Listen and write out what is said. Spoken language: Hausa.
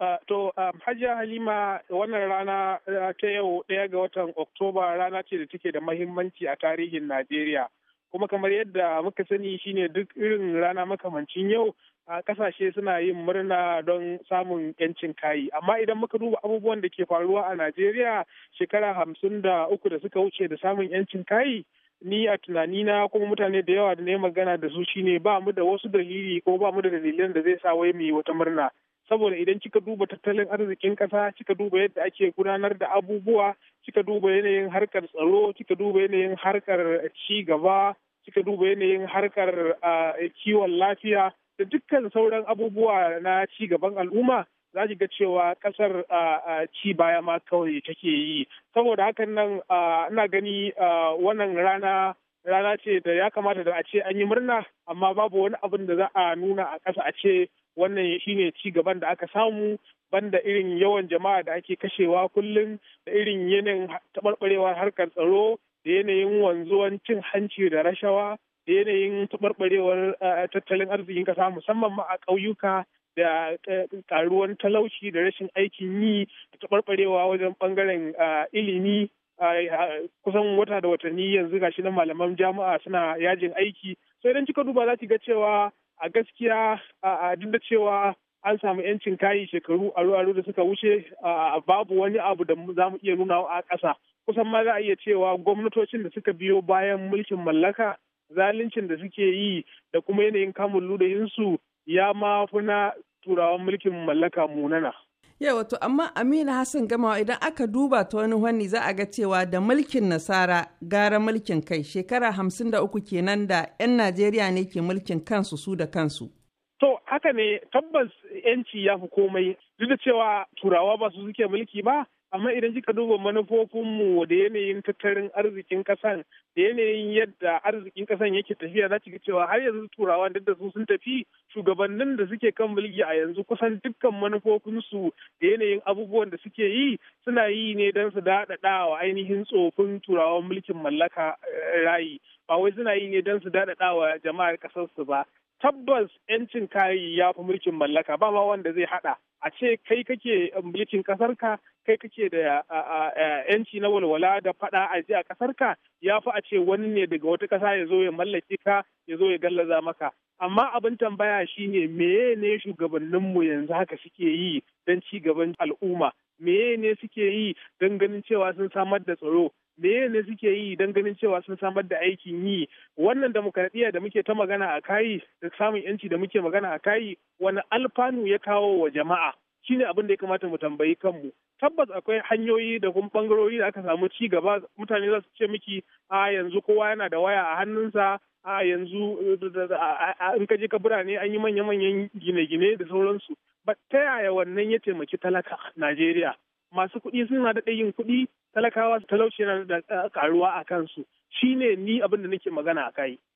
Uh, to um, hajiya halima wannan rana eh, ta yau ɗaya ga watan oktoba rana ce da take da mahimmanci a tarihin najeriya kuma kamar yadda muka sani shine duk irin rana makamancin yau a kasashe suna yin murna don samun yancin kayi amma idan muka duba abubuwan da ke faruwa a najeriya shekara hamsin da uku da suka wuce da samun yancin kayi ni a tunanina kuma mutane da yawa da na yi magana da su shine ba mu da wasu dalili ko ba mu da dalilan da zai sa wai mu yi wata murna saboda idan kika duba tattalin arzikin ƙasa kika duba yadda ake gudanar da abubuwa kika duba yanayin harkar tsaro kika duba yanayin harkar ci gaba kika duba yanayin harkar kiwon lafiya da dukkan sauran abubuwa na ci gaban al'umma za ki ga cewa kasar ci baya ma kawai take yi saboda hakan nan ina gani wannan rana rana ce da ya kamata da a ce an yi murna amma babu wani abin da za a nuna a ƙasa a ce wannan shine ci gaban da aka samu banda irin yawan jama'a da ake kashewa kullum da irin yanayin taɓarɓarewar harkar tsaro da yanayin wanzuwan cin hanci da rashawa da yanayin taɓarɓarewar eh, tattalin arzikin ƙasa musamman ma a ƙauyuka da eh, ƙaruwan talauci da rashin aikin yi da taɓarɓarewa wajen ɓangaren eh, ilimi kusan wata da watanni yanzu gashi na malaman jama'a suna yajin aiki sai idan cika duba za ki ga cewa a gaskiya a duk da cewa an samu yancin kayi shekaru aro-aro da suka wuce babu wani abu da za mu iya nuna a ƙasa kusan ma za a iya cewa gwamnatocin da suka biyo bayan mulkin mallaka zaluncin da suke yi da kuma yanayin kamun ludayinsu ya ma turawan mulkin mallaka munana. Yau wato amma Amina Hassan Gamawa idan aka duba ta wani wani za a ga cewa da mulkin Nasara gara mulkin kai shekara hamsin da uku kenan da 'yan Najeriya ne ke mulkin kansu su da kansu. To haka ne tabbas 'yanci ya fi komai duk da cewa turawa ba su suke mulki ba amma idan kika duba manufofinmu da yanayin tattalin arzikin kasan da yanayin yadda arzikin kasan yake tafiya za ga cewa har yanzu turawa duk da su sun tafi shugabannin da suke kan mulki a yanzu kusan dukkan manufofinsu da yanayin abubuwan da suke yi suna yi ne don su daɗaɗa wa ainihin tsofin turawan mulkin mallaka eh, rayi ba wai suna yi ne don su daɗaɗa wa jama'ar ƙasarsu ba tabbas 'yancin kayi ya fi mulkin mallaka ba ma wanda zai haɗa a ce kai kake um, mulkin kasarka kai kake da yanci na walwala da faɗa a ji a kasarka ya fi a ce wani ne daga wata ƙasa ya zo ya mallake ka ya zo ya gallaza maka amma abin tambaya shi ne meye ne shugabanninmu yanzu haka suke yi don ci gaban al'umma meye ne suke yi don ganin cewa sun samar da tsaro meye ne suke yi don ganin cewa sun samar da aikin yi wannan demokradiyya da muke ta magana a kayi da samun yanci da muke magana a kayi wani alfanu ya kawo wa jama'a shine abin da ya kamata mu tambayi kanmu tabbas akwai hanyoyi da kuma bangarori da aka samu ci gaba mutane za su ce miki a yanzu kowa yana da waya a hannunsa a yanzu in ka je ka birane an yi manya-manyan gine-gine da sauransu ba ta yaya wannan ya taimaki talaka Najeriya masu kuɗi suna daɗa yin kuɗi talakawa su talauci yana da karuwa a kansu shine ni abin da nake magana a kai